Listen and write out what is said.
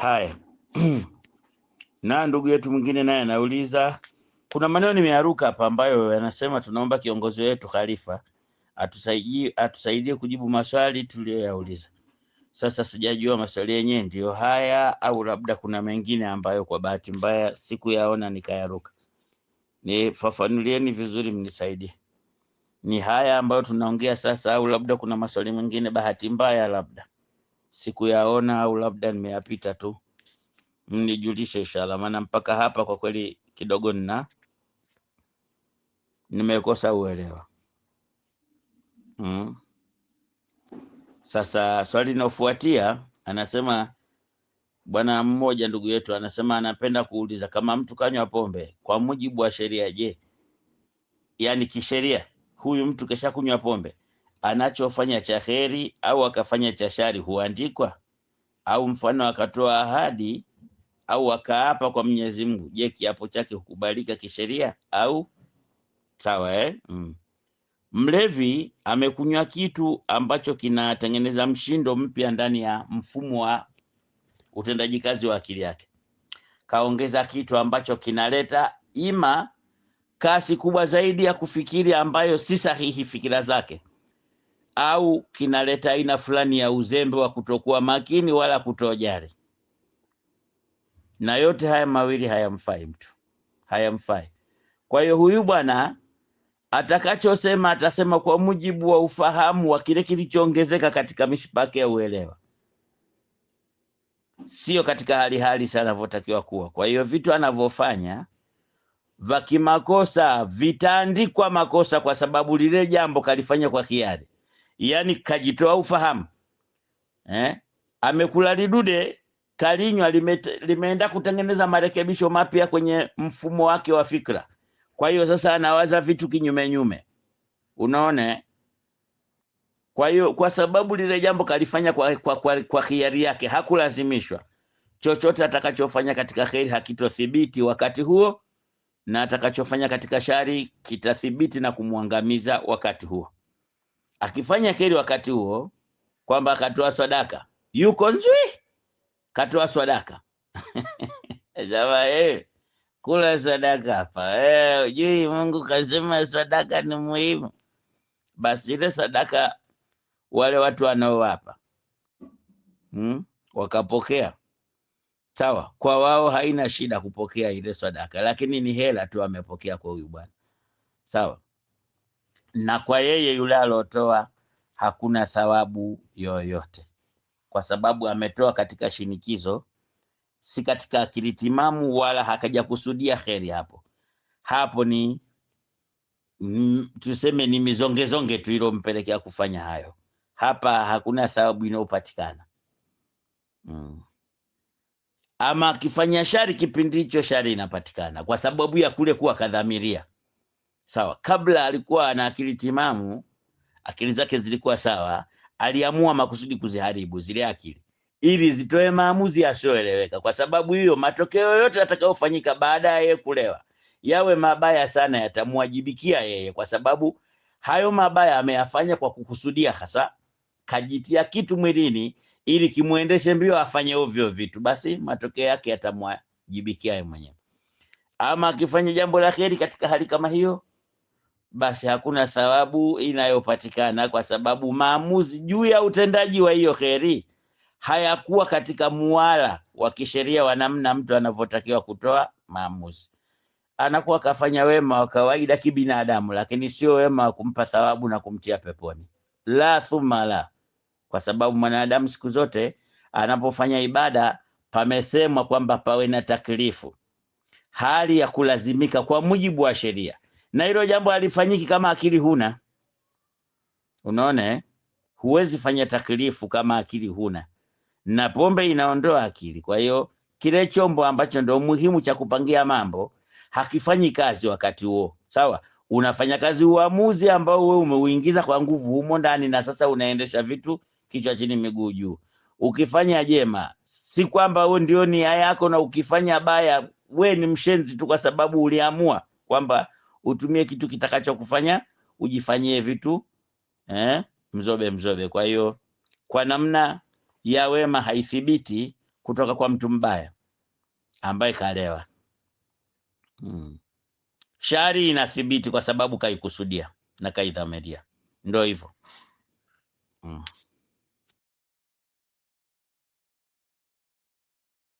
Haya. na ndugu yetu mwingine naye anauliza kuna maneno nimearuka hapa ambayo yanasema tunaomba kiongozi wetu Khalifa atusaidie atusaidie kujibu maswali tuliyoyauliza. Sasa sijajua maswali yenyewe ndiyo haya au labda kuna mengine ambayo kwa bahati mbaya sikuyaona nikayaruka. Nifafanulieni vizuri, mnisaidie. Ni haya ambayo tunaongea sasa au labda kuna maswali mengine bahati mbaya labda sikuyaona au labda nimeyapita tu, mnijulishe inshallah, maana mpaka hapa kwa kweli kidogo nina nimekosa uelewa hmm. Sasa swali linalofuatia anasema bwana mmoja ndugu yetu anasema anapenda kuuliza kama mtu kanywa pombe kwa mujibu wa sheria, je, yaani kisheria huyu mtu kesha kunywa pombe anachofanya cha heri au akafanya cha shari huandikwa? Au mfano akatoa ahadi au akaapa kwa Mwenyezi Mungu, je, kiapo chake hukubalika kisheria au sawa eh? Mm. Mlevi amekunywa kitu ambacho kinatengeneza mshindo mpya ndani ya mfumo wa utendaji kazi wa akili yake. Kaongeza kitu ambacho kinaleta ima kasi kubwa zaidi ya kufikiri ambayo si sahihi fikira zake au kinaleta aina fulani ya uzembe wa kutokuwa makini wala kutojali, na yote haya mawili hayamfai mtu, hayamfai. Kwa hiyo huyu bwana atakachosema atasema kwa mujibu wa ufahamu wa kile kilichoongezeka katika mishipa yake ya uelewa, sio katika hali sana anavyotakiwa kuwa. Kwa hiyo vitu anavyofanya vakimakosa vitaandikwa makosa, kwa sababu lile jambo kalifanya kwa hiari yani kajitoa ufahamu eh? Amekula lidude kalinywa lime, limeenda kutengeneza marekebisho mapya kwenye mfumo wake wa fikra. Kwa hiyo sasa anawaza vitu kinyume nyume, unaona. Eh? Kwa hiyo kwa sababu lile jambo kalifanya kwa, kwa, kwa, kwa hiari yake, hakulazimishwa. Chochote atakachofanya katika kheri hakitothibiti wakati huo, na atakachofanya katika shari kitathibiti na kumwangamiza wakati huo akifanya kheri wakati huo kwamba akatoa sadaka, yuko nzwi, katoa sadaka jamaa eh, kula sadaka hapa eh, ujui Mungu kasema sadaka ni muhimu. Basi ile sadaka wale watu wanaowapa hmm? wakapokea sawa, kwa wao haina shida kupokea ile sadaka, lakini ni hela tu amepokea kwa huyu bwana sawa na kwa yeye yule aliotoa hakuna thawabu yoyote, kwa sababu ametoa katika shinikizo, si katika akili timamu, wala hakajakusudia kheri hapo. Hapo ni mm, tuseme ni mizongezonge tu ilompelekea kufanya hayo. Hapa hakuna thawabu inayopatikana mm. Ama akifanya shari kipindi hicho, shari inapatikana kwa sababu ya kule kuwa kadhamiria sawa. Kabla alikuwa na akili timamu, akili zake zilikuwa sawa, aliamua makusudi kuziharibu zile akili ili zitoe maamuzi yasiyoeleweka. Kwa sababu hiyo, matokeo yote yatakayofanyika baadaye kulewa yawe mabaya sana, yatamwajibikia yeye, kwa sababu hayo mabaya ameyafanya kwa kukusudia, hasa kajitia kitu mwilini ili kimuendeshe mbio afanye ovyo vitu, basi matokeo yake yatamwajibikia yeye mwenyewe. Ama akifanya jambo la heri katika hali kama hiyo basi hakuna thawabu inayopatikana kwa sababu maamuzi juu ya utendaji wa hiyo kheri hayakuwa katika muwala wa kisheria wa namna mtu anavyotakiwa kutoa maamuzi. Anakuwa kafanya wema wa kawaida kibinadamu, lakini sio wema wa kumpa thawabu na kumtia peponi, la thumma la, kwa sababu mwanadamu siku zote anapofanya ibada pamesemwa kwamba pawe na taklifu, hali ya kulazimika kwa mujibu wa sheria na hilo jambo halifanyiki kama akili huna. Unaona eh? Huwezi fanya taklifu kama akili huna, na pombe inaondoa akili. Kwa hiyo kile chombo ambacho ndio muhimu cha kupangia mambo hakifanyi kazi wakati huo, sawa. Unafanya kazi uamuzi ambao wewe umeuingiza kwa nguvu humo ndani, na sasa unaendesha vitu kichwa chini miguu juu. Ukifanya jema, si kwamba wewe ndio nia yako, na ukifanya baya, we ni mshenzi tu, kwa sababu uliamua kwamba utumie kitu kitakacho kufanya ujifanyie vitu eh, mzobe mzobe. Kwa hiyo kwa namna ya wema haithibiti kutoka kwa mtu mbaya ambaye kalewa. Hmm. Shari inathibiti kwa sababu kaikusudia na kaidhamiria, ndio hivyo. Hmm.